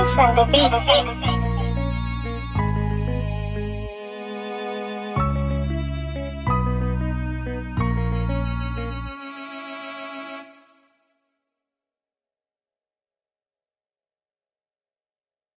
Drinks on the beat.